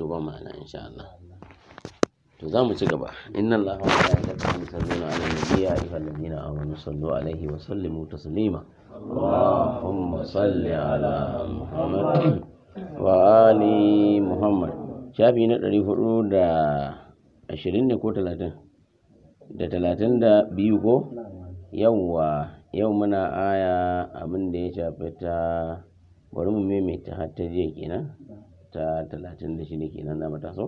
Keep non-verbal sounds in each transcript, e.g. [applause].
to ba ma'ana in sha Allah to za mu ci gaba inna allaha wa malaikatahu yusalluna ala nabi ya ayyuhal ladina amanu sallu alaihi wa sallimu taslima اللهم صل على محمد وآل محمد shafi na 420 ne ko 30 da talatin da biyu ko yawwa yau muna aya abin da ya shafi ta bari mu maimaita har ta jiya kenan تلاتين لشريكين أنا متاسو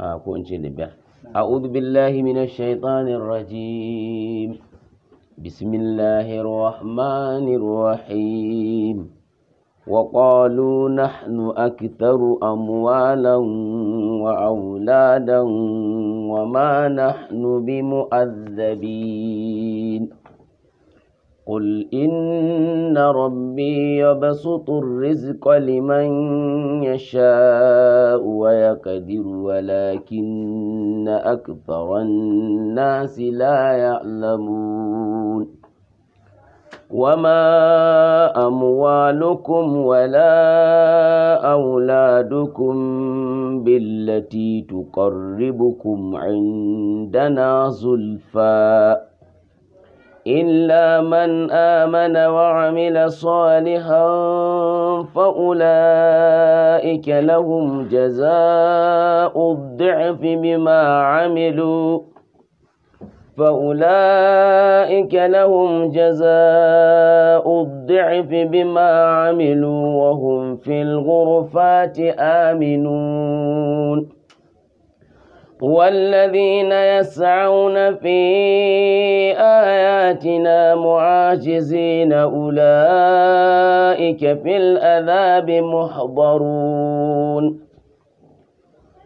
أكون أعوذ بالله من الشيطان الرجيم بسم الله الرحمن الرحيم وقالوا نحن أكثر أموالا وأولادا وما نحن بمؤذبين قل إن ربي يبسط الرزق لمن يشاء ويقدر ولكن أكثر الناس لا يعلمون وما أموالكم ولا أولادكم بالتي تقربكم عندنا زلفاء إلا من آمن وعمل صالحا فأولئك لهم جزاء الضعف بما عملوا فأولئك لهم جزاء الضعف بما عملوا وهم في الغرفات آمنون والذين يسعون في آياتنا معاجزين أولئك في الأذاب محضرون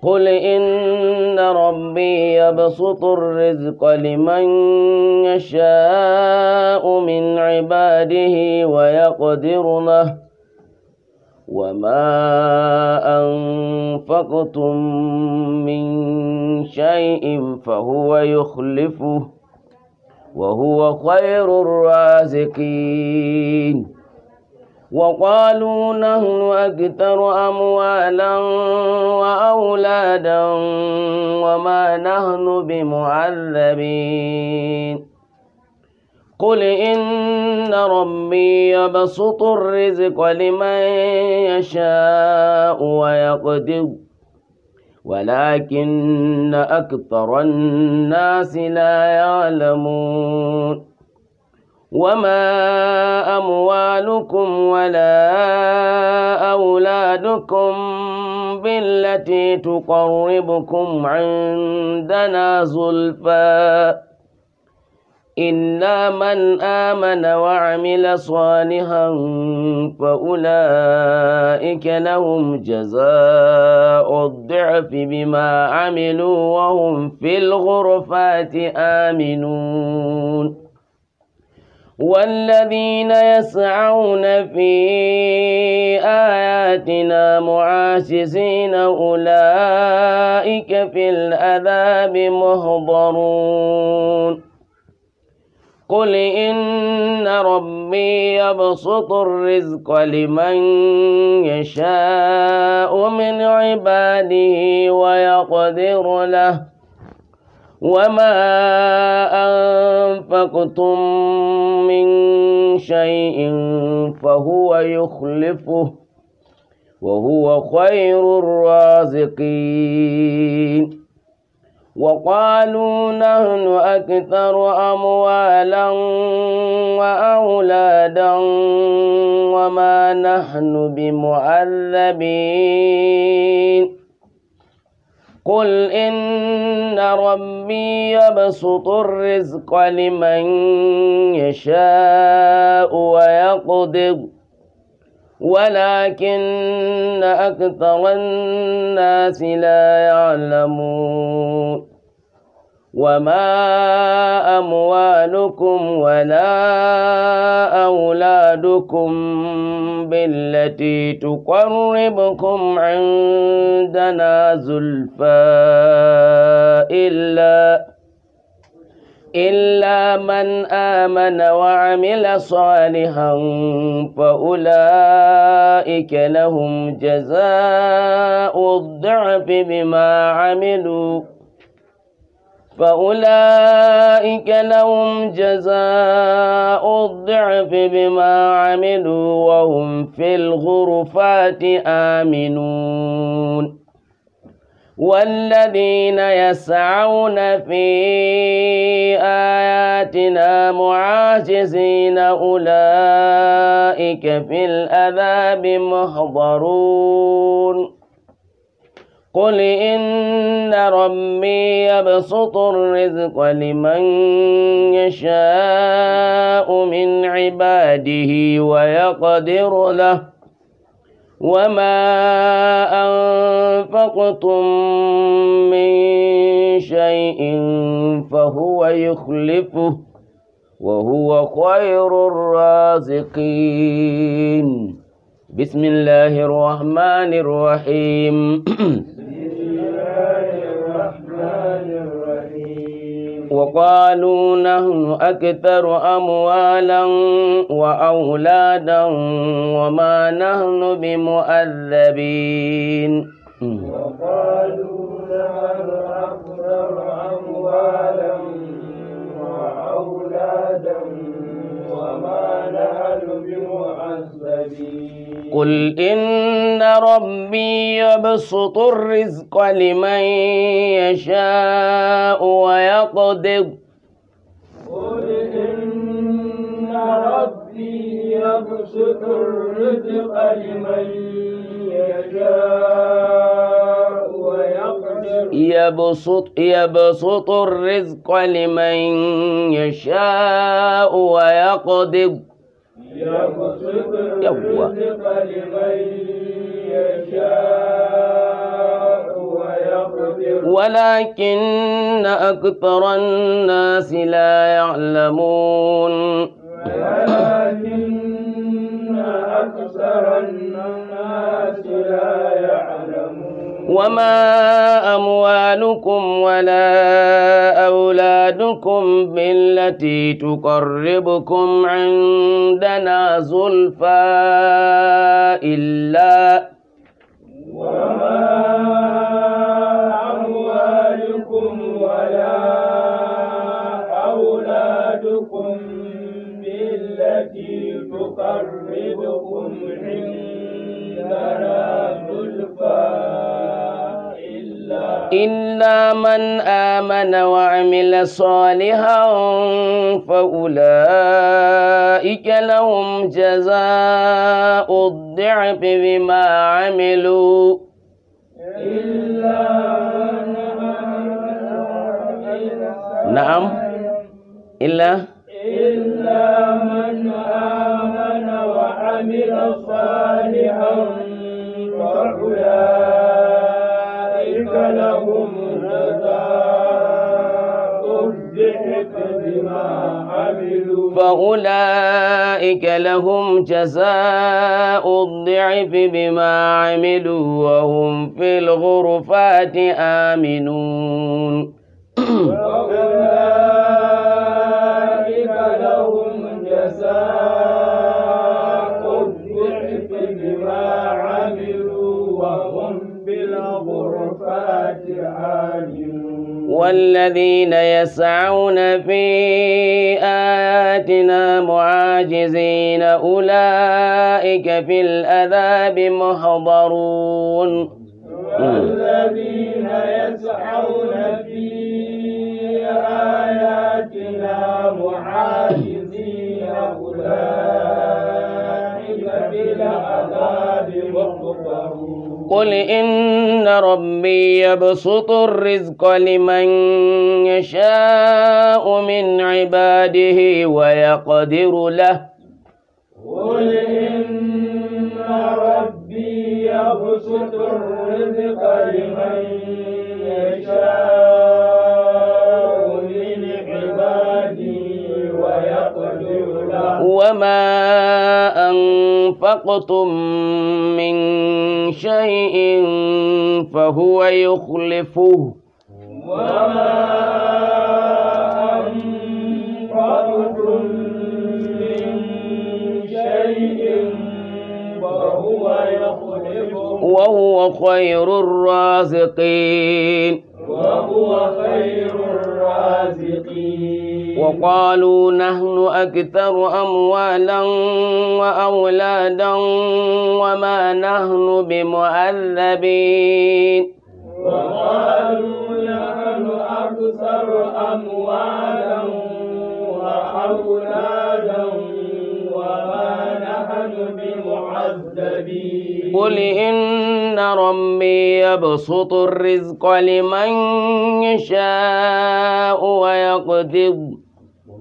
قل إن ربي يبسط الرزق لمن يشاء من عباده ويقدر له وما أنفقتم من شيء فهو يخلفه وهو خير الرازقين وقالوا نحن أكثر أموالا وأولادا وما نحن بمعذبين قل إن ربي يبسط الرزق لمن يشاء ويقدر ولكن أكثر الناس لا يعلمون وما أموالكم ولا أولادكم بالتي تقربكم عندنا زلفاً إلا من آمن وعمل صالحا فأولئك لهم جزاء الضعف بما عملوا وهم في الغرفات آمنون والذين يسعون في آياتنا معاجزين أولئك في العذاب محضرون قل إن ربي يبسط الرزق لمن يشاء من عباده ويقدر له وما أنفقتم من شيء فهو يخلفه وهو خير الرازقين وقالوا نحن أكثر أموالا وأولادا وما نحن بمعذبين قل إن ربي يبسط الرزق لمن يشاء ويقدر ولكن أكثر الناس لا يعلمون وما أموالكم ولا أولادكم بالتي تقربكم عندنا زلفى إلا إلا من آمن وعمل صالحا فأولئك لهم جزاء الضعف بما عملوا فأولئك لهم جزاء الضعف بما عملوا وهم في الغرفات آمنون والذين يسعون في آياتنا معاجزين أولئك في الأذاب محضرون قل إن ربي يبسط الرزق لمن يشاء من عباده ويقدر له وما أنفقتم من شيء فهو يخلفه وهو خير الرازقين بسم الله الرحمن الرحيم [clears throat] وقالوا نحن أكثر أموالا وأولادا وما نحن بمؤذبين وقالوا نحن أكثر أموالا وأولادا وما نحن بمؤذبين قل إن ربي يبسط الرزق لمن يشاء ويقدر قل إن ربي يبسط الرزق لمن يشاء يبسط يبسط الرزق لمن يشاء ويقدر yawwa ولكن أكثر الناس لا يعلمون ولكن أكثر الناس وما أموالكم ولا أولادكم بالتي تقربكم عندنا زلفى إلا وما إلا من آمن وعمل صالحا فأولئك لهم جزاء الضعف بما عملوا إلا من آمن نعم إلا إلا من آمن وعمل صالحا فأولئك لهم جزاء بما عملوا فأولئك لهم جزاء الضعف بما عملوا وهم في الغرفات آمنون [clears throat] والذين يسعون في آياتنا معاجزين أولئك في الأذاب محضرون والذين يسعون في آياتنا معاجزين أولئك في الأذاب محضرون قل إن ربي يبسط الرزق لمن يشاء من عباده ويقدر له قل إن ربي يبسط الرزق لمن يشاء من عباده ويقدر له وما أنفقتم من شيء فهو يخلفه وما أنفقتم من شيء فهو يخلفه وهو خير الرازقين وهو خير الرازقين وقالوا نحن أكثر أموالا وأولادا وما نحن بمعذبين وقالوا نحن أكثر أموالا وأولادا وما نحن بمعذبين قل إن ربي يبسط الرزق لمن يشاء ويقدر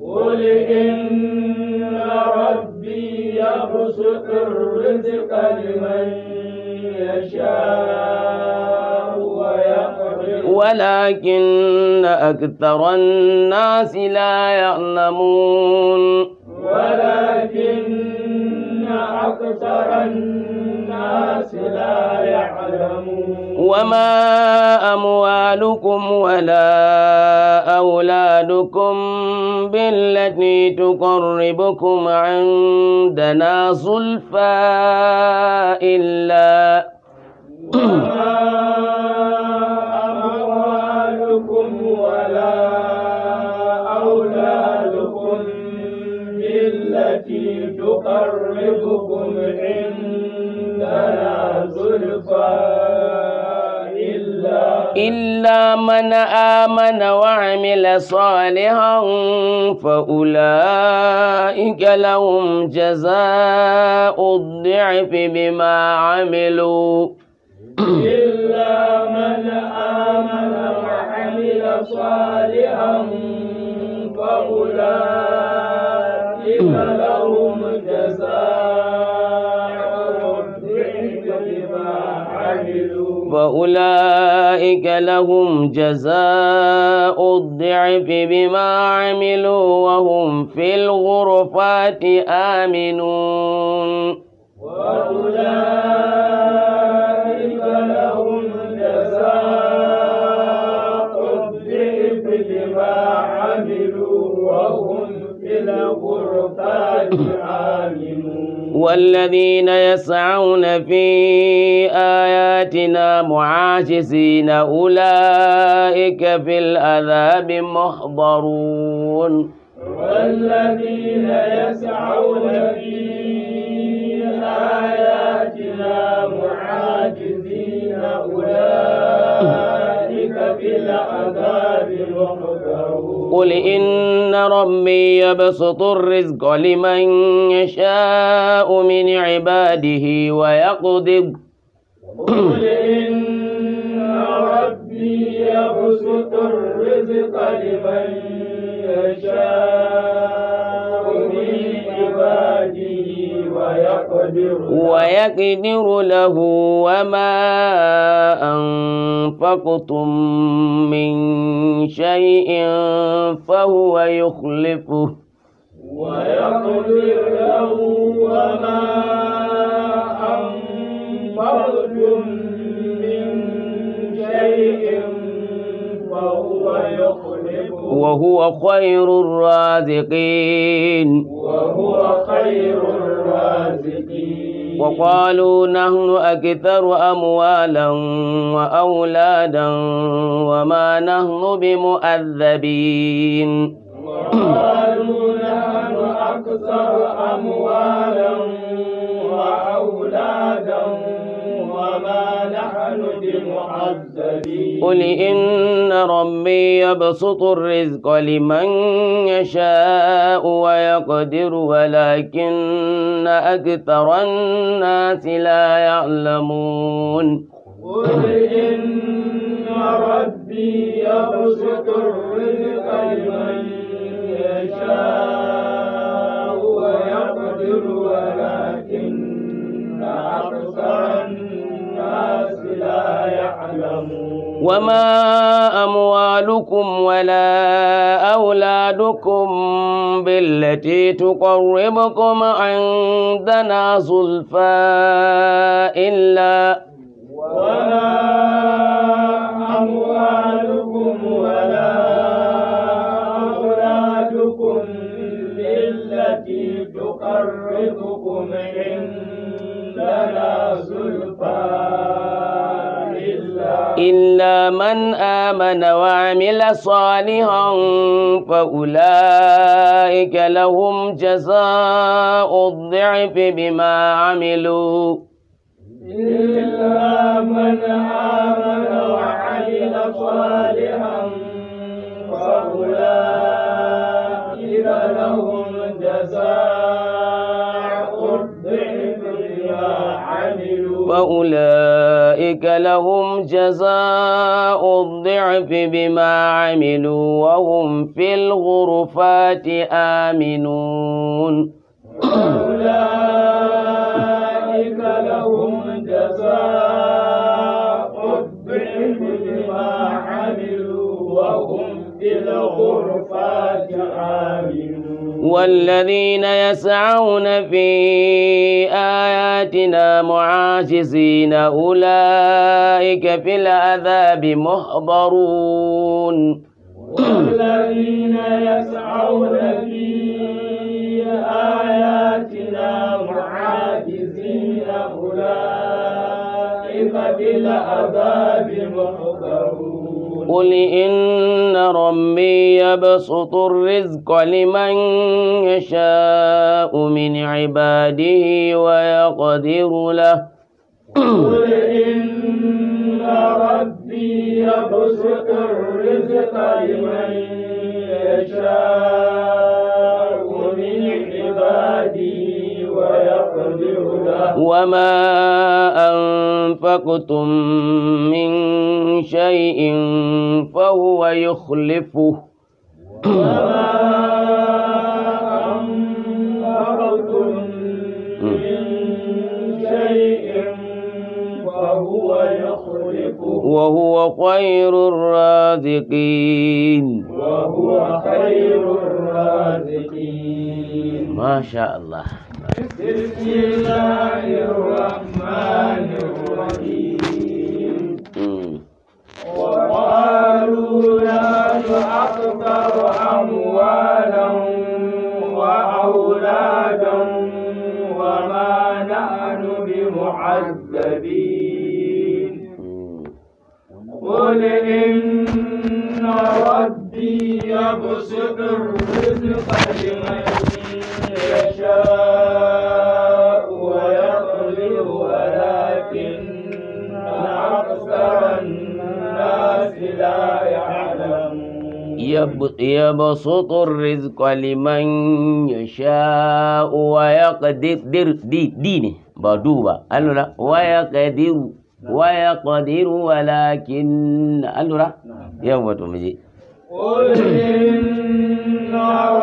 قل إن ربي يبسط الرزق لمن يشاء ويقدر ولكن أكثر الناس لا يعلمون ولكن أكثر الناس لا يعلمون وما أموالكم ولا أولادكم بالتي تقربكم عندنا زلفى إلا أموالكم ولا أولادكم بالتي تقربكم عندنا زلفى إلا من آمن وعمل صالحا فأولئك لهم جزاء الضعف بما عملوا إلا من آمن وعمل صالحا فأولئك لهم فأولئك لهم جزاء الضعف بما عملوا وهم في الغرفات آمنون وأولئك لهم جزاء الضعف بما عملوا وهم في الغرفات آمنون والذين يسعون في آياتنا معاجزين أولئك في العذاب محضرون والذين يسعون في آياتنا معاجزين أولئك في العذاب محضرون قل إن ربي يبسط الرزق لمن يشاء من عباده ويقدر قل إن ربي يبسط الرزق لمن يشاء من عباده ويقدر له وما أنفقتم من شيء فهو يخلفه ويقدر له وما أنفقتم من شيء فهو يخلفه وهو خير الرازقين وهو خير الرازقين وقالوا نحن أكثر أموالا وأولادا وما نحن بمؤذبين وقالوا نحن أكثر أموالا وأولادا قل إن ربي يبسط الرزق لمن يشاء ويقدر ولكن أكثر الناس لا يعلمون قل إن ربي يبسط الرزق لمن يشاء ويقدر ولكن أكثر الناس لا يعلمون وما أموالكم ولا أولادكم بالتي تقربكم عندنا زلفى إلا ولا أموالكم ولا أولادكم بالتي تقربكم عندنا آمن وعمل صالحا فأولئك لهم جزاء الضعف بما عملوا إلا من آمن وعمل صالحا فأولئك لهم جزاء الضعف بما عملوا فأولئك أولئك لهم جزاء الضعف بما عملوا وهم في الغرفات آمنون أولئك لهم جزاء الضعف بما عملوا وهم في الغرفات آمنون والذين يسعون في آياتنا معاجزين أولئك في العذاب محضرون والذين يسعون في آياتنا معاجزين أولئك في العذاب محضرون قل إن ربي يبسط الرزق لمن يشاء من عباده ويقدر له قل إن ربي يبسط الرزق لمن يشاء وما أنفقتم من شيء فهو يخلفه وما أنفقتم من شيء فهو يخلفه وهو خير الرازقين وهو خير الرازقين ما شاء الله بسم الله الرحمن الرحيم وقالوا نحن أكثر أموالا وأولادا وما نحن بمعذبين قل إن ربي يبسط الرزق لمن يبسط الرزق لمن يشاء ويقدر دي ديني بدوبا ألولا ويقدر ويقدر ولكن ألولا يوم تمجي قل إن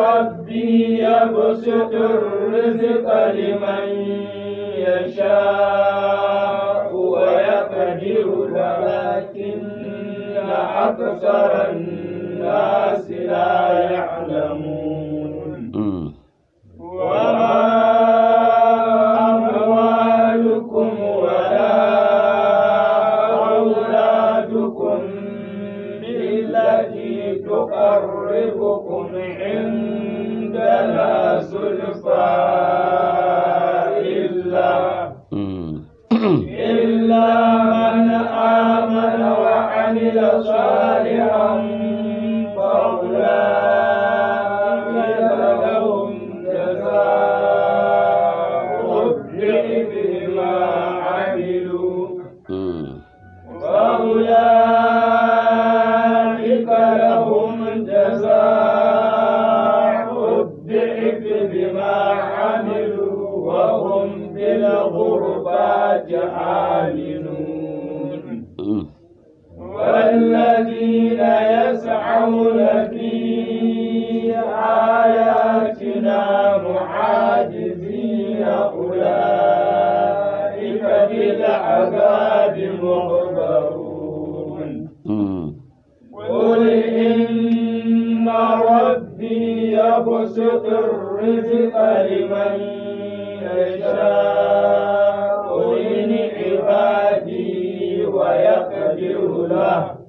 ربي يبسط الرزق لمن يشاء ويقدر ولكن أكثر الناس Jai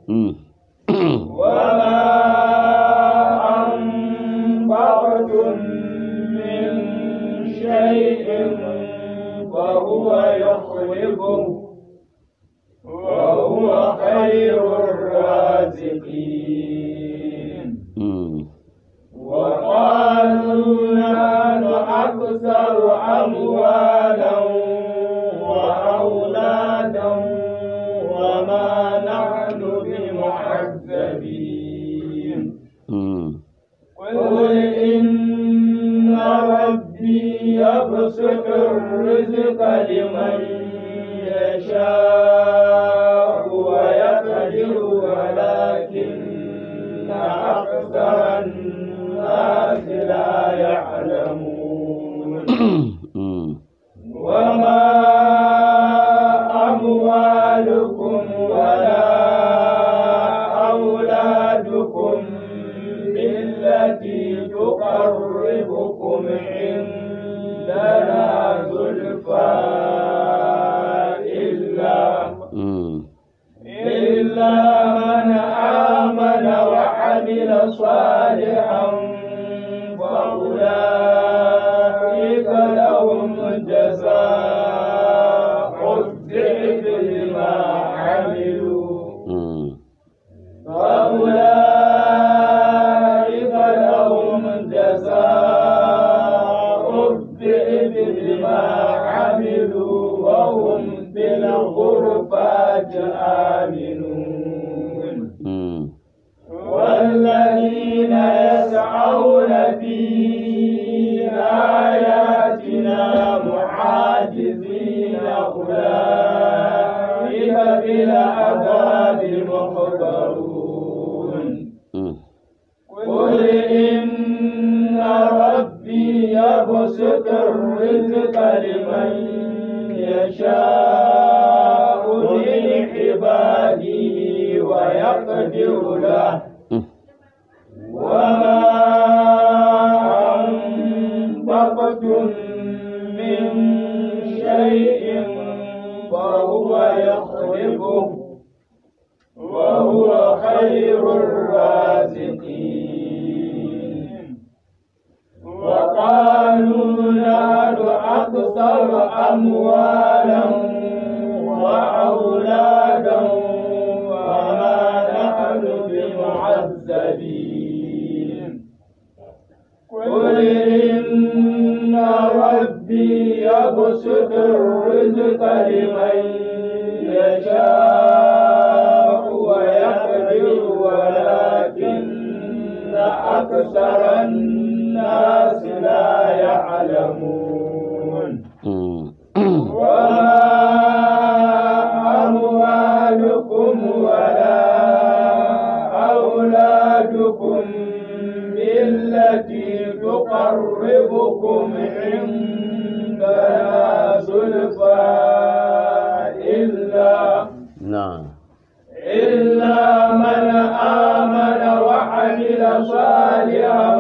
嗯。I've done. وهم في الغربات آمنون وهو يخلقه وهو خير الرازقين وقالوا نحن أكثر أموالا وأولادا ربي يبسط الرزق لمن يشاء ويقدر ولكن أكثر الناس لا يعلمون وما أموالكم ولا أولادكم بالتي تقربكم عند لنا زلفى إلا نعم إلا من آمن وعمل صالحا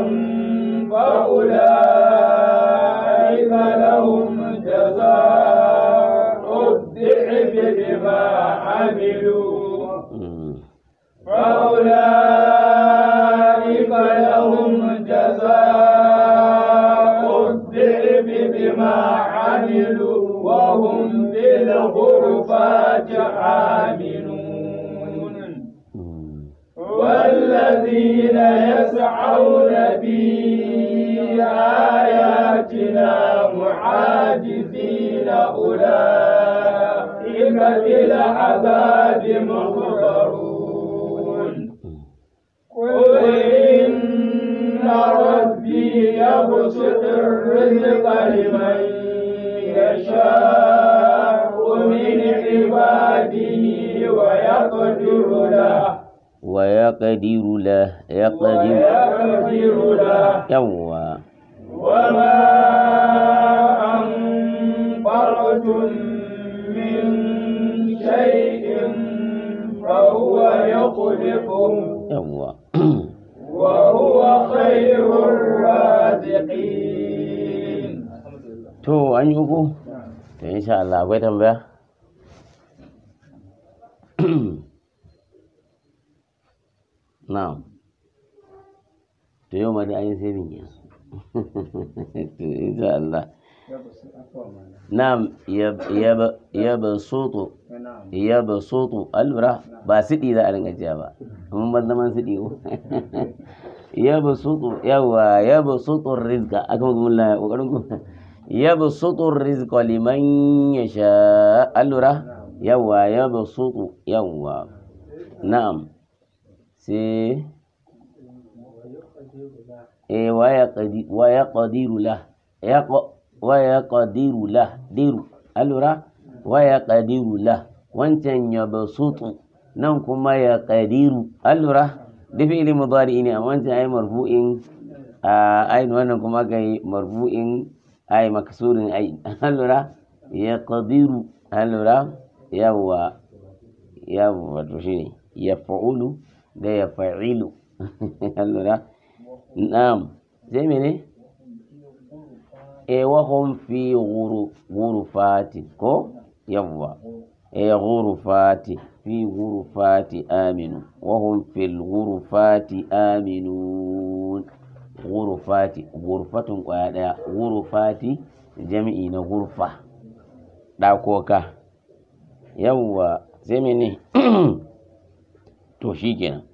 يسعون في آياتنا معاجزين أولئك في العذاب مغفرون قل إن ربي يبسط الرزق لمن يشاء من عباده ويقدر له ويقدر له يقدر له يوا وما أنفقتم من شيء فهو يخلفه يوا وهو خير الرازقين تو أن يقول إن شاء الله akwai tambaya Na'am. To yau ma an yi [laughs] to insha Allah. Na'am ya basutu ya ba siɗi za a ringa jiya ba kuma ban zaman siɗi ko [laughs] ya basutu yawa ya basutu rizqa aka maka mun laya kokarin ku [laughs] ya liman yasha alura yawa ya basutu yawa na'am sai e eh, waya qadi waya qadiru la ya waya la diru alura waya qadiru la wancan ya sutu nan kuma ya qadiru alura da ilin mudari ne a wancan ai marfu'in A ainihin wannan kuma yi marfu'in ai maksurin ai alura ya qadiru alura yawwa yawwa to shine ya fa'ulu da ya fa'ilu allura [laughs] na'am sai mene ewa eh, fi fi Fati ko yawwa e eh, Fati, fi Fati aminu wahun wa hum fil ghurufati aminun ghurufati ghurfatun kwaya daya ghurufati jami'i na ghurfa dakoka yawwa sai mene [clears throat] to shi kenan